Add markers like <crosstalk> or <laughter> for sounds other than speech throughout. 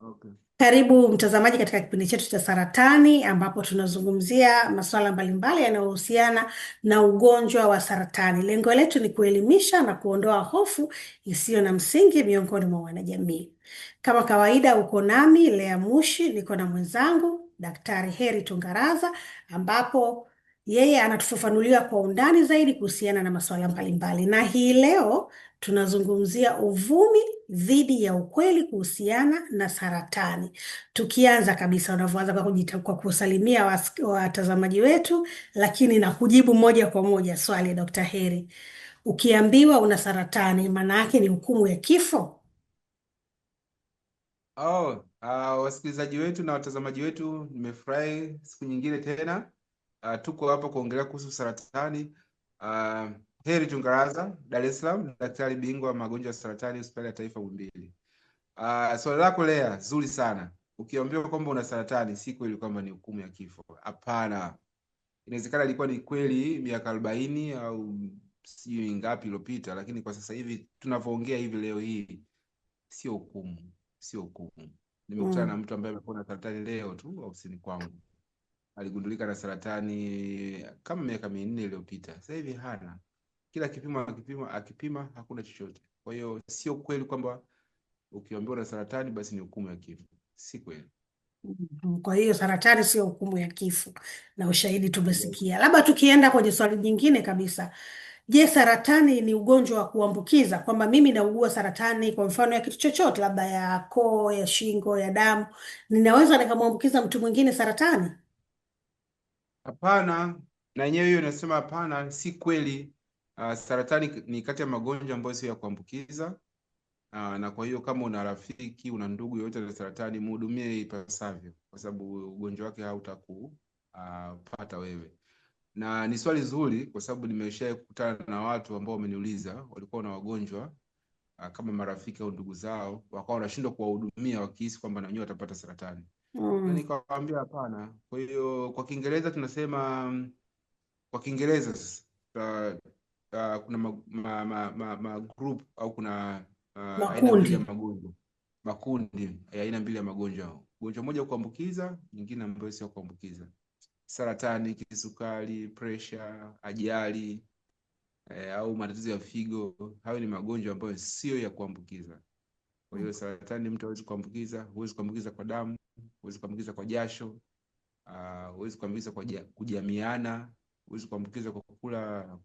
Okay. Karibu mtazamaji katika kipindi chetu cha saratani ambapo tunazungumzia masuala mbalimbali yanayohusiana na ugonjwa wa saratani. Lengo letu ni kuelimisha na kuondoa hofu isiyo na msingi miongoni mwa wanajamii. Kama kawaida, uko nami Lea Mushi, niko na mwenzangu Daktari Heri Tungaraza ambapo yeye anatufafanulia kwa undani zaidi kuhusiana na masuala mbalimbali, na hii leo tunazungumzia uvumi dhidi ya ukweli kuhusiana na saratani, tukianza kabisa unavyoanza kwa kujita- kwa kusalimia watazamaji wetu, lakini na kujibu moja kwa moja swali Dr. Heri, ukiambiwa una saratani maana yake ni hukumu ya kifo? Oh, uh, wasikilizaji wetu na watazamaji wetu, nimefurahi siku nyingine tena uh, tuko hapa kuongelea kuhusu saratani uh, Heri Tungaraza, Dar es Salaam, daktari bingwa magonjwa ya saratani hospitali ya taifa Muhimbili. Uh, ah, swali lako Lea, zuri sana. Ukiambiwa kwamba una saratani, si kweli kwamba ni hukumu ya kifo. Hapana, inawezekana ilikuwa ni kweli miaka arobaini au sijui ngapi iliopita lakini kwa sasa hivi tunavyoongea hivi leo hii sio hukumu, sio hukumu. Nimekutana mm. na mtu ambaye amekuwa na saratani leo tu ausini kwangu aligundulika na saratani kama miaka minne iliyopita, sasa hivi hana kila kipimo akipima akipima hakuna chochote. Kwa hiyo sio kweli kwamba ukiambiwa na saratani basi ni hukumu ya kifo, si kweli. Mm-hmm. Kwa hiyo saratani sio hukumu ya kifo, na ushahidi tumesikia. Mm-hmm. Labda tukienda kwenye swali jingine kabisa, je, saratani ni ugonjwa wa kuambukiza? Kwamba mimi naugua saratani kwa mfano ya kitu chochote, labda ya koo, ya shingo, ya damu, ninaweza nikamwambukiza mtu mwingine saratani? Hapana, na yenyewe hiyo inasema hapana, si kweli. Uh, saratani ni kati ya magonjwa ambayo sio ya kuambukiza. Uh, na kwa hiyo kama una rafiki una ndugu yoyote na saratani, muhudumie ipasavyo, kwa sababu ugonjwa wake hautakupata ah, uh, wewe. Na ni swali zuri, kwa sababu nimeshawahi kukutana na watu ambao wameniuliza walikuwa na wagonjwa Ah, kama marafiki au ndugu zao wakawa wanashindwa kuwahudumia wakihisi kwamba na wenyewe watapata saratani. Mm. Nikawaambia hapana. Kwa hiyo kwa Kiingereza tunasema mm, kwa Kiingereza sasa uh, uh, kuna magrup ma, ma, ma, ma au kuna uh, aina mbili ya magonjwa, makundi ya aina mbili ya magonjwa, ugonjwa moja kuambukiza, nyingine ambayo sio kuambukiza: saratani, kisukari, presha, ajali eh, au matatizo ya figo. Hayo ni magonjwa ambayo siyo ya kuambukiza. Kwa hiyo mm. saratani mtu hawezi kuambukiza, huwezi kuambukiza kwa damu, huwezi kuambukiza kwa jasho, ah, huwezi uh, kuambukiza kwa kujamiana, huwezi kuambukiza kwa kula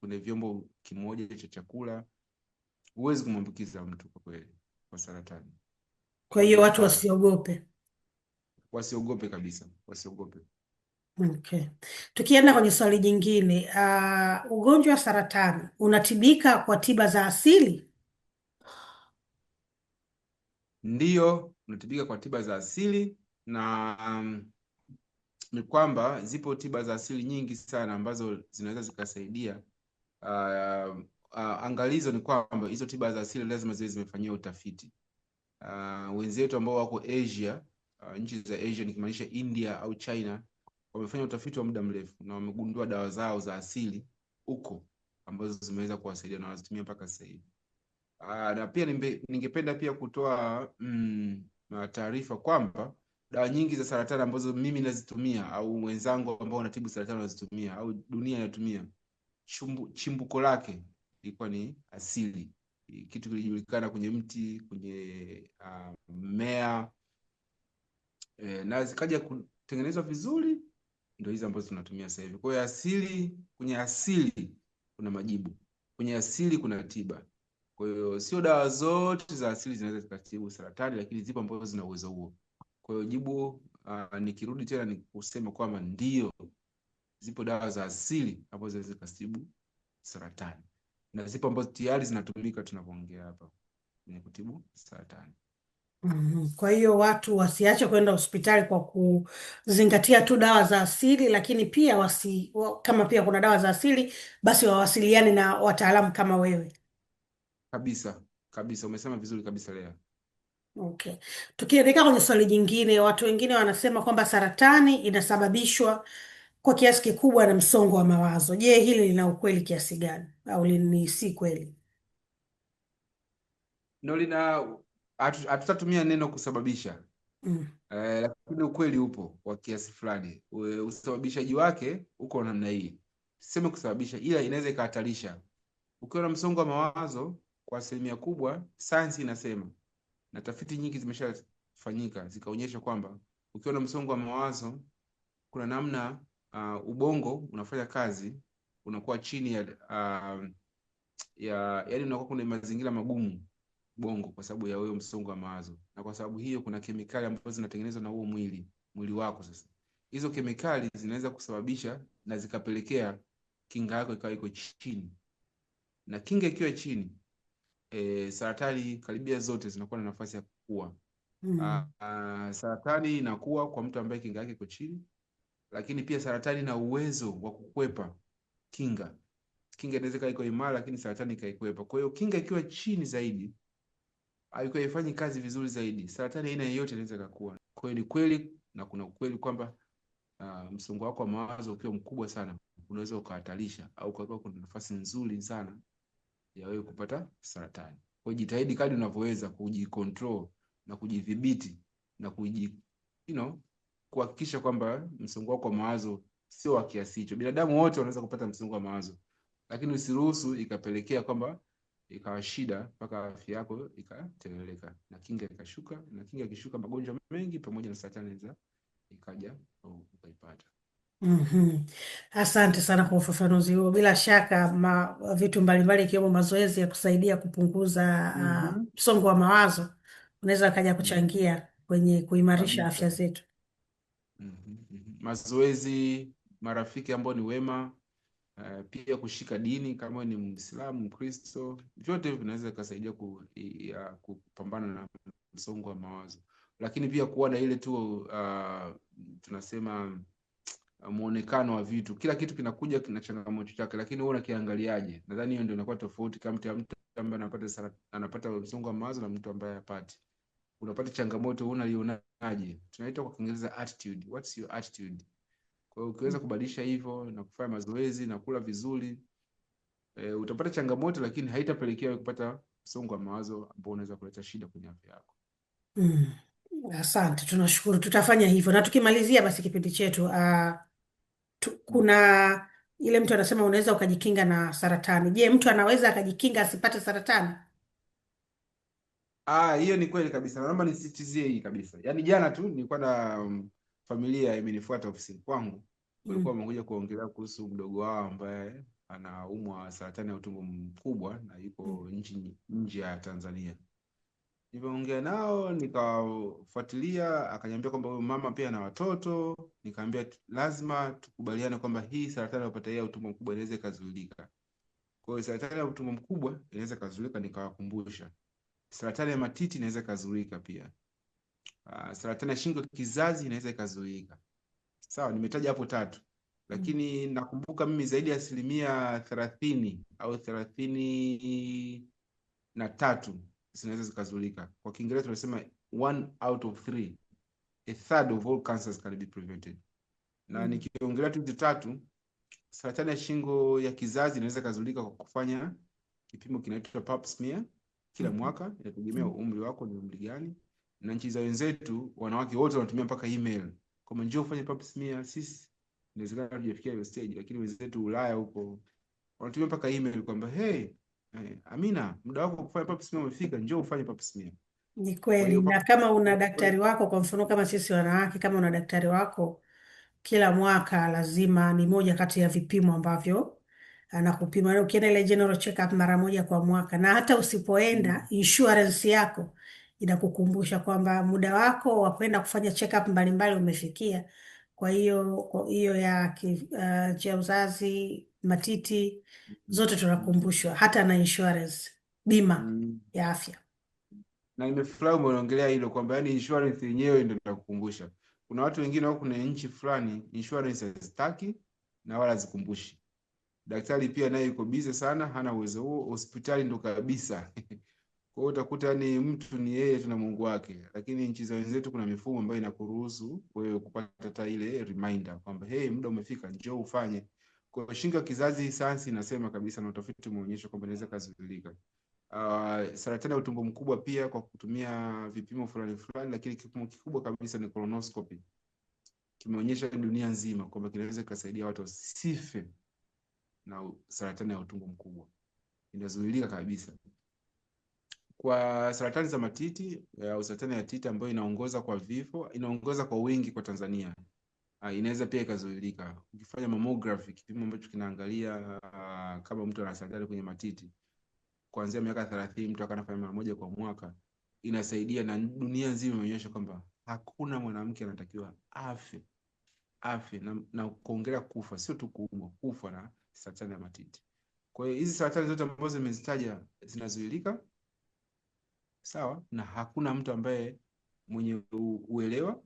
kwenye vyombo kimoja cha chakula, huwezi kumwambukiza mtu kwa kweli kwa saratani. Kwa hiyo watu wasiogope, wasiogope kabisa, wasiogope. Okay. Tukienda kwenye swali jingine, uh, ugonjwa wa saratani unatibika kwa tiba za asili? Ndiyo, unatibika kwa tiba za asili na um, ni kwamba zipo tiba za asili nyingi sana ambazo zinaweza zikasaidia. Uh, uh, angalizo ni kwamba hizo tiba za asili lazima ziwe zimefanyiwa utafiti. Uh, wenzetu ambao wako Asia, uh, nchi za Asia nikimaanisha India au China wamefanya utafiti wa muda mrefu na wamegundua dawa zao za asili huko ambazo zimeweza kuwasaidia na wanazitumia mpaka sasa hivi. Ah, na pia ningependa pia kutoa mm, taarifa kwamba dawa nyingi za saratani ambazo mimi nazitumia au wenzangu ambao wanatibu saratani wanazitumia au dunia inatumia, chimbuko lake ilikuwa ni asili, kitu kilijulikana kwenye mti, kwenye ah, mmea uh, e, na zikaja kutengenezwa vizuri ndio hizo ambazo tunatumia sasa hivi. Kwa hiyo asili, kwenye asili kuna majibu, kwenye asili kuna tiba. Kwa hiyo sio dawa zote za asili zinaweza zikatibu saratani, lakini zipo ambazo zina uwezo huo. Kwa hiyo jibu, uh, nikirudi tena ni kusema kwamba ndio zipo dawa za asili ambazo zinaweza zikatibu saratani na zipo ambazo tayari zinatumika tunapoongea hapa kwenye kutibu saratani. Mm-hmm. Kwa hiyo watu wasiache kwenda hospitali kwa kuzingatia tu dawa za asili, lakini pia wasi, kama pia kuna dawa za asili basi wawasiliane na wataalamu kama wewe. Kabisa kabisa, umesema vizuri kabisa Lea. Okay. Tukielekea kwenye swali jingine, watu wengine wanasema kwamba saratani inasababishwa kwa kiasi kikubwa na msongo wa mawazo. Je, hili lina ukweli kiasi gani au ni si kweli? Ndio, lina hatutatumia neno kusababisha mm. e, lakini ukweli upo wa kiasi fulani, usababishaji wake uko namna hii. Siseme kusababisha, ila inaweza ikahatarisha. Ukiwa na msongo wa mawazo, kwa asilimia kubwa sayansi inasema na tafiti nyingi zimeshafanyika zikaonyesha kwamba ukiwa na msongo wa mawazo, kuna namna uh, ubongo unafanya kazi, unakuwa chini ya, uh, ya yani unakuwa kuna mazingira magumu bongo kwa sababu ya huyo msongo wa mawazo, na kwa sababu hiyo kuna kemikali ambazo zinatengenezwa na huo mwili mwili wako. Sasa hizo kemikali zinaweza kusababisha na zikapelekea kinga yako ikawa iko chini, na kinga ikiwa chini e, saratani karibia zote zinakuwa na nafasi ya kukua. Mm. A, ah, a, ah, saratani inakuwa kwa mtu ambaye kinga yake iko chini, lakini pia saratani na uwezo wa kukwepa kinga. Kinga inaweza ikawa iko imara, lakini saratani ikaikwepa. Kwa hiyo kinga ikiwa chini zaidi alikuwa haifanyi kazi vizuri zaidi. Saratani aina yoyote inaweza ikakuwa. Kwa hiyo ni kweli na kuna ukweli kwamba uh, msongo wako wa mawazo ukiwa mkubwa sana unaweza ukahatarisha au ukakuwa kuna nafasi nzuri sana ya wewe kupata saratani. Kwa hiyo jitahidi kadri unavyoweza kujikontrol na kujidhibiti na kuji you know, kuhakikisha kwamba msongo wako wa mawazo sio wa kiasi hicho. Binadamu wote wanaweza kupata msongo wa mawazo, lakini usiruhusu ikapelekea kwamba ikawa shida mpaka afya yako ikateleleka na kinga ikashuka, na kinga ikishuka, magonjwa mengi pamoja na saratani za ikaja ukaipata. Mm -hmm. Asante sana kwa ufafanuzi huo. Bila shaka ma, vitu mbalimbali ikiwemo mazoezi ya kusaidia kupunguza ah, mhm. msongo mm -hmm. uh, wa mawazo unaweza akaja mhm. kuchangia kwenye kuimarisha afya zetu. mm -hmm. Mazoezi, marafiki ambao ni wema uh, pia kushika dini kama ni Mwislamu, Mkristo, vyote hivyo vinaweza ikasaidia kupambana na msongo wa mawazo, lakini pia kuwa na ile tu uh, tunasema ah, muonekano wa vitu. Kila kitu kinakuja kina changamoto chake, lakini wewe unakiangaliaje? Nadhani hiyo ndio inakuwa tofauti kati ya mtu ambaye anapata sana, anapata msongo wa mawazo na mtu ambaye hayapati. Unapata changamoto, wewe unalionaje? Tunaita kwa Kiingereza attitude. What's your attitude? Kwa hiyo ukiweza mm-hmm. kubadilisha hivyo na kufanya mazoezi na kula vizuri e, utapata changamoto lakini haitapelekea kupata msongo wa mawazo ambao unaweza kuleta shida kwenye afya yako. Mm. Asante, tunashukuru, tutafanya hivyo. Na tukimalizia basi kipindi chetu uh, tu, kuna ile mtu anasema unaweza ukajikinga na saratani. Je, mtu anaweza akajikinga asipate saratani? Ah, hiyo ni kweli kabisa. Naomba nisitizie hii kabisa. Yaani jana tu nilikuwa na um, familia imenifuata ofisini kwangu, walikuwa mm. wamekuja kuongelea kuhusu mdogo wao ambaye anaumwa saratani ya utumbo mkubwa na yuko mm. nchi nje ya Tanzania. Nilipoongea nao nikafuatilia, akaniambia kwamba huyo mama pia na watoto. Nikaambia lazima tukubaliane kwamba hii saratani upataia ya utumbo mkubwa inaweza ikazuilika. Kwa hiyo saratani ya utumbo mkubwa inaweza ikazuilika, nikawakumbusha saratani ya matiti inaweza ikazuilika pia. Ah, saratani ya shingo kizazi inaweza ikazuika. Sawa, nimetaja hapo tatu, lakini nakumbuka mimi zaidi ya asilimia thelathini au thelathini na tatu zinaweza zikazuilika. Kwa Kiingereza tunasema one out of three, a third of all cancers can be prevented. Na mm. nikiongelea tu hizi tatu, saratani ya shingo ya kizazi inaweza ikazuilika kwa kufanya kipimo kinaitwa pap smear kila mm-hmm. mwaka, inategemea mm. umri wako ni umri gani na nchi za wenzetu wanawake wote wanatumia mpaka email. Kwa maana njoo ufanye pap smear, sisi inawezekana tujafikia hiyo stage, lakini wenzetu Ulaya huko wanatumia mpaka email kwamba hey, hey, eh, Amina, muda wako kufanya pap smear umefika, njoo ufanye pap smear. Ni kweli, na kama una daktari wako, kwa mfano kama sisi wanawake, kama una daktari wako kila mwaka lazima, ni moja kati ya vipimo ambavyo anakupima. Ukienda ile general check up mara moja kwa mwaka, na hata usipoenda mm. insurance yako inakukumbusha kwamba muda wako wa kwenda kufanya check-up mbalimbali umefikia. Kwa hiyo hiyo ya uh, eh, njia uzazi, matiti zote tunakumbushwa, hata na insurance, bima mm. ya afya. Na nimefurahi umeongelea hilo kwamba yani insurance yenyewe ndio inakukumbusha. Kuna watu wengine wako kuna nchi fulani insurance hazitaki na wala hazikumbushi. Daktari pia naye yuko busy sana, hana uwezo huo, hospitali ndo kabisa <laughs> Kwa hiyo utakuta ni mtu ni yeye tu na Mungu wake, lakini nchi za wenzetu kuna mifumo ambayo inakuruhusu wewe kupata hata ile reminder kwamba hey, muda umefika, njoo ufanye. Kwa shinga kizazi sayansi inasema kabisa na utafiti umeonyesha kwamba inaweza kuzuilika. Uh, ah, saratani ya utumbo mkubwa pia kwa kutumia vipimo fulani fulani, lakini kipimo kikubwa kabisa ni colonoscopy. Kimeonyesha dunia nzima kwamba kinaweza kusaidia watu wasife na saratani ya utumbo mkubwa, inazuilika kabisa kwa saratani za matiti eh, au saratani ya titi ambayo inaongoza kwa vifo, inaongoza kwa wingi kwa Tanzania. Uh, inaweza pia ikazuilika ukifanya mammography, kipimo ambacho kinaangalia uh, kama mtu ana saratani kwenye matiti kuanzia miaka 30 mtu akanafanya mara moja kwa mwaka, inasaidia na dunia nzima imeonyesha kwamba hakuna mwanamke anatakiwa afe afe na, na kuongelea kufa, sio tu kuumwa, kufa na saratani ya matiti. Kwa hiyo hizi saratani zote ambazo zimezitaja zinazuilika sawa, na hakuna mtu ambaye mwenye uelewa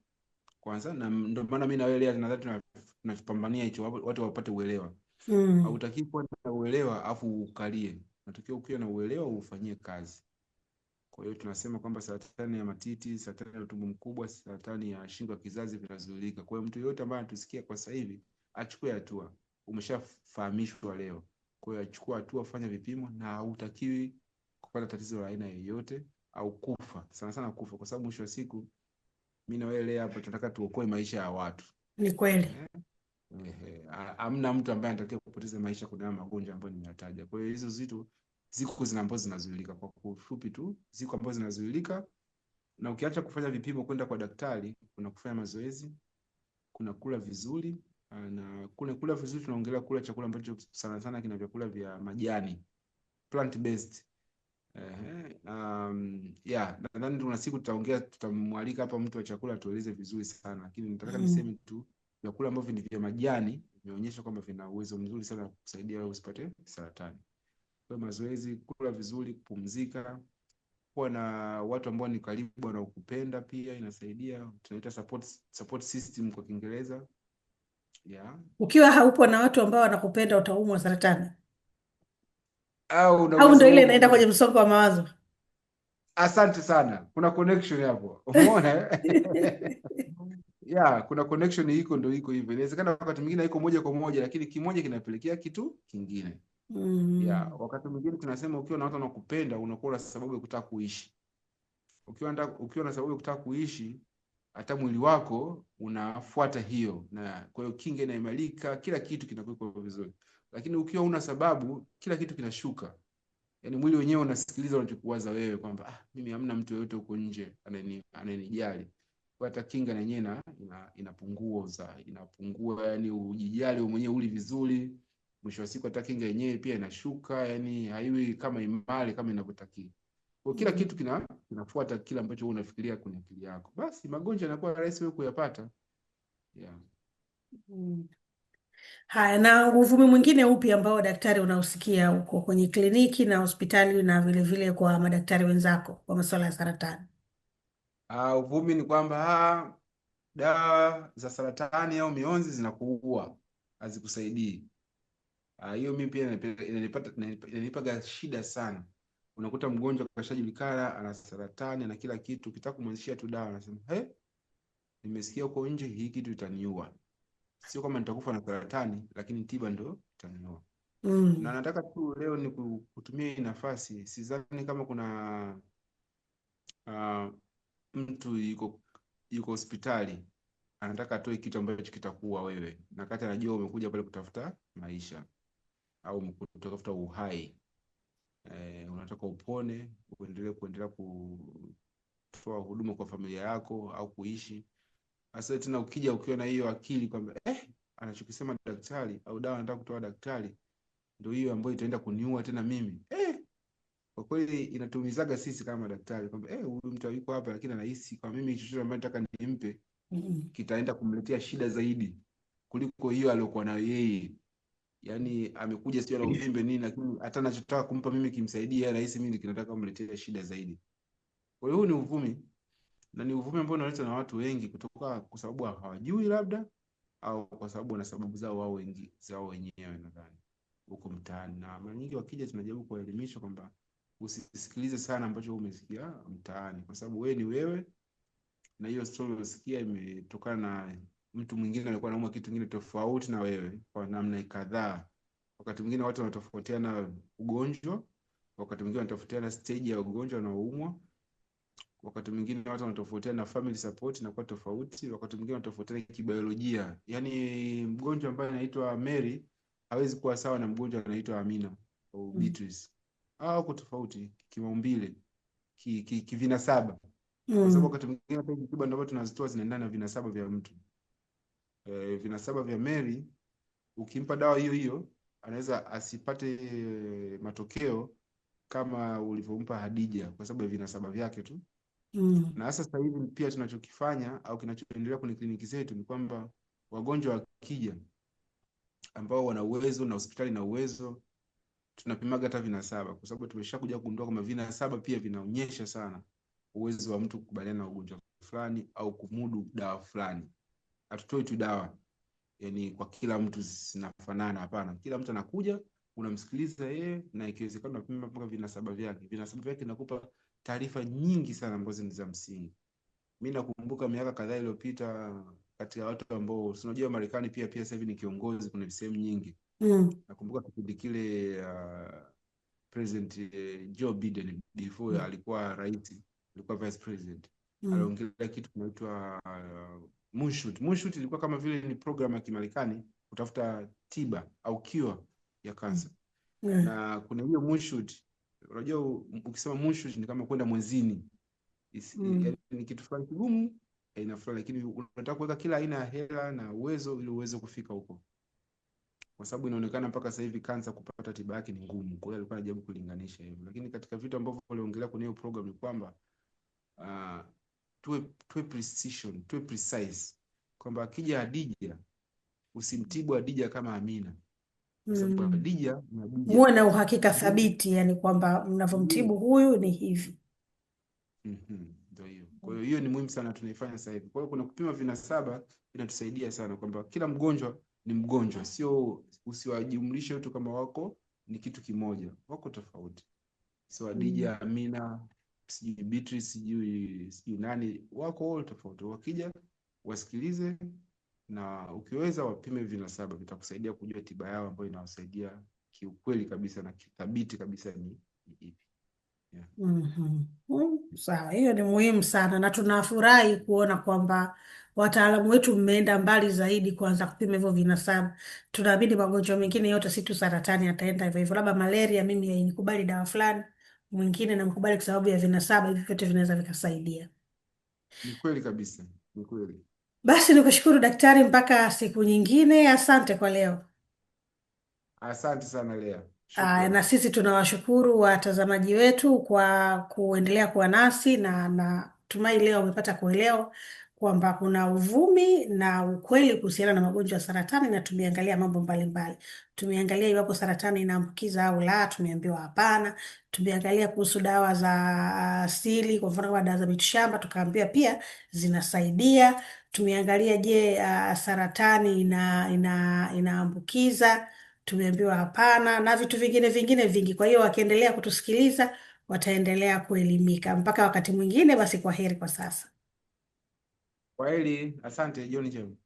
kwanza, na ndio maana mimi na wewe nadhani tunapambania hicho, watu wapate uelewa. Mm. Hautaki kuwa na uelewa afu ukalie, natakiwa ukiwa na uelewa ufanyie kazi. Kwa hiyo tunasema kwamba saratani ya matiti, saratani ya utumbo mkubwa, saratani ya shingo ya kizazi vinazuilika. Kwa hiyo mtu yoyote ambaye anatusikia kwa sasa hivi achukue hatua, umeshafahamishwa leo. Kwa hiyo achukua hatua, fanya vipimo, na hautakiwi kupata tatizo la aina yoyote au kufa, sana sana kufa, kwa sababu mwisho wa siku mimi na wewe hapa tunataka tuokoe maisha ya watu. Ni kweli. Hamna mtu ambaye anatakiwa kupoteza maisha kutokana na magonjwa ambayo nimeyataja. Kwa hiyo hizo zitu ziko zina ambazo zinazuilika, kwa kufupi tu ziko ambazo zinazuilika, na ukiacha kufanya vipimo kwenda kwa daktari, kuna kufanya mazoezi, kuna kula vizuri na kula kula vizuri, tunaongelea kula chakula ambacho sana sana kina vyakula vya majani plant based Um, yeah, nadhani kuna siku tutaongea, tutamwalika hapa mtu wa chakula atueleze vizuri sana, lakini nataka mm. niseme tu vyakula ambavyo ni vya majani vimeonyesha kwamba vina uwezo mzuri sana wa kusaidia wewe usipate saratani. Kwa mazoezi, kula vizuri, kupumzika, kuwa na watu ambao ni karibu wanaokupenda pia inasaidia, tunaita support, support system kwa Kiingereza. Yeah. Ukiwa haupo na watu ambao wanakupenda utaumwa saratani au au ndio ile inaenda kwenye msongo wa mawazo? Asante sana, kuna connection hapo, <laughs> umeona <laughs> yeah, kuna connection iko, ndio iko hivyo. Inawezekana wakati mwingine haiko moja kwa moja, lakini kimoja kinapelekea kitu kingine. mm. Yeah, wakati mwingine tunasema ukiwa na watu wanakupenda unakuwa na sababu ya kutaka kuishi. Ukiwa ukiwa na sababu ya kutaka kuishi, hata mwili wako unafuata hiyo, na kwa hiyo kinga inaimarika, kila kitu kinakuwa vizuri. Lakini ukiwa una sababu, kila kitu kinashuka. yani mwili wenyewe unasikiliza unachokuwaza wewe kwamba ah, mimi hamna mtu yoyote huko nje anayenijali. Kwa hata kinga na yenyewe ina, inapunguza, inapungua yani ujijali wewe mwenyewe uli vizuri. Mwisho wa siku hata kinga yenyewe pia inashuka, yani haiwi kama imali kama inavyotakiwa. Kwa kila mm-hmm. kitu kina kinafuata kila ambacho wewe unafikiria kwenye akili yako. Basi magonjwa yanakuwa rahisi wewe kuyapata. Yeah. Mm. Haya, na uvumi mwingine upi ambao daktari unausikia huko kwenye kliniki na hospitali na vilevile kwa madaktari wenzako kwa masuala ya saratani? Uh, uvumi ni kwamba ah, dawa za saratani au mionzi zinakuua, hazikusaidii. Ah, hiyo mimi pia inanipata inanipaga shida sana. Unakuta mgonjwa kashajulikana ana saratani na kila kitu, ukitaka kumwanzishia tu dawa anasema hey, nimesikia huko nje hii kitu itaniua sio kama nitakufa na saratani, lakini tiba ndo itanioa. Mm. Na nataka tu leo ni kutumia hii nafasi, sidhani kama kuna uh, mtu yuko yuko hospitali anataka atoe kitu ambacho kitakuwa wewe, na kati anajua umekuja pale kutafuta maisha au kutafuta uhai eh, unataka upone uendelee kuendelea kutoa huduma kwa familia yako au kuishi Hasa tena ukija ukiwa na hiyo akili kwamba eh, anachokisema daktari au dawa anataka kutoa daktari ndio hiyo ambayo itaenda kuniua tena mimi eh, kwa kweli inatumizaga sisi kama daktari kwamba eh, huyu mtu yuko hapa, lakini anahisi kwa mimi chochote ambacho nataka nimpe kitaenda kumletea shida zaidi kuliko hiyo aliyokuwa nayo yeye. Yani amekuja sio na uvimbe nini, lakini hata anachotaka kumpa mimi kimsaidie, anahisi mimi kinataka kumletea shida zaidi. Kwa hiyo huu ni uvumi na ni uvumi ambao unaletwa na watu wengi kutoka kwa sababu hawajui labda, au kwa sababu wana sababu zao wao wengi zao wenyewe nadhani huko mtaani, na mara nyingi wakija tunajaribu kuwaelimisha kwamba usisikilize sana ambacho umesikia mtaani, kwa sababu wewe ni wewe, na hiyo story unasikia imetokana na mtu mwingine alikuwa anaumwa kitu kingine tofauti na wewe kwa namna kadhaa. Wakati mwingine watu wanatofautiana ugonjwa, wakati mwingine wanatofautiana stage ya ugonjwa wanaoumwa, wakati mwingine watu wanatofautiana na family support inakuwa tofauti, wakati mwingine wanatofautiana kibiolojia. Yani mgonjwa ambaye anaitwa Mary hawezi kuwa sawa na mgonjwa anaitwa Amina au hmm. Beatrice. mm. au wako tofauti kimaumbile, ki, ki, kivinasaba. Mm. Kwa hmm. sababu wakati mwingine hata tiba ndio watu tunazitoa zinaendana na vinasaba vya mtu. E, vinasaba vya Mary ukimpa dawa hiyo hiyo anaweza asipate e, matokeo kama ulivyompa Hadija kwa sababu ya vinasaba vyake tu mm. Na hasa sasa hivi pia tunachokifanya au kinachoendelea kwenye kliniki zetu ni kwamba wagonjwa wakija ambao wana uwezo na hospitali na uwezo tunapimaga hata vinasaba, kwa sababu tumeshakuja kugundua kwamba vinasaba pia vinaonyesha sana uwezo wa mtu kukubaliana na ugonjwa fulani au kumudu dawa fulani. Hatutoi tu dawa yani kwa kila mtu zinafanana, hapana. Kila mtu anakuja, unamsikiliza yeye, na ikiwezekana unapima mpaka vinasaba vyake. Vinasaba vyake nakupa taarifa nyingi sana ambazo ni za msingi. Mi nakumbuka miaka kadhaa iliyopita katika watu ambao unajua Marekani pia pia sasa hivi ni kiongozi, kuna sehemu nyingi mm. Nakumbuka kipindi kile uh, President uh, Joe Biden before mm. alikuwa rais, alikuwa vice president mm. aliongelea kitu kinaitwa uh, Moonshot. Moonshot ilikuwa kama vile ni program ya Kimarekani kutafuta tiba au cure ya kansa mm. mm. na kuna hiyo Moonshot unajua ukisema mushu ni kama kwenda mwezini mm. ni kitu fulani kigumu aina fulani, lakini unataka kuweka kila aina ya hela na uwezo ili uweze kufika huko, kwa sababu inaonekana mpaka sasa hivi kansa kupata tiba yake ni ngumu. Kwa hiyo alikuwa anajaribu kulinganisha hivyo, lakini katika vitu ambavyo waliongelea kwenye hiyo program ni kwamba uh, tuwe tuwe precision tuwe precise kwamba akija Adija usimtibu Adija kama Amina mm. muwe na uhakika thabiti, yani kwamba mnavyomtibu huyu ni hivi mm hiyo Kwa hiyo mm. hiyo ni muhimu sana tunaifanya sasa hivi. Kwa hiyo kuna kupima vinasaba inatusaidia sana kwamba kila mgonjwa ni mgonjwa, sio usiwajumlishe watu kama wako ni kitu kimoja, wako tofauti. So Adija, mm. Amina, sijui Beatrice, sijui sijui nani, wako wote tofauti. Wakija wasikilize na ukiweza wapime vinasaba, vitakusaidia kujua tiba yao ambayo inawasaidia kiukweli kabisa na kithabiti kabisa ni ipi. Yeah. Mm-hmm. Mm, sawa, hiyo ni muhimu sana na tunafurahi kuona kwamba wataalamu wetu mmeenda mbali zaidi kuanza kupima hivyo vinasaba. Tunaamini magonjwa mengine yote, si tu saratani, ataenda hivyo hivyo, labda malaria, mimi hainikubali dawa fulani, mwingine namkubali kwa sababu ya vinasaba. Hivi vyote vinaweza vikasaidia. Ni kweli kabisa, ni kweli. Basi nikushukuru daktari, mpaka siku nyingine. Asante kwa leo. Asante sana Lea, Aa, na shukrani. sisi tunawashukuru watazamaji wetu kwa kuendelea kuwa nasi, na natumai leo umepata kuelewa kwamba kuna uvumi na ukweli kuhusiana na magonjwa ya saratani, na tumeangalia mambo mbalimbali. Tumeangalia iwapo saratani inaambukiza au la, tumeambiwa hapana. Tumeangalia kuhusu dawa za asili, kwa mfano kama dawa za mitishamba, tukaambiwa pia zinasaidia. Tumeangalia je, uh, saratani ina ina inaambukiza? Tumeambiwa hapana, na vitu vingine vingine vingi. Kwa hiyo wakiendelea kutusikiliza wataendelea kuelimika. Mpaka wakati mwingine, basi kwa heri kwa sasa. Kwa heri, asante jioni njema.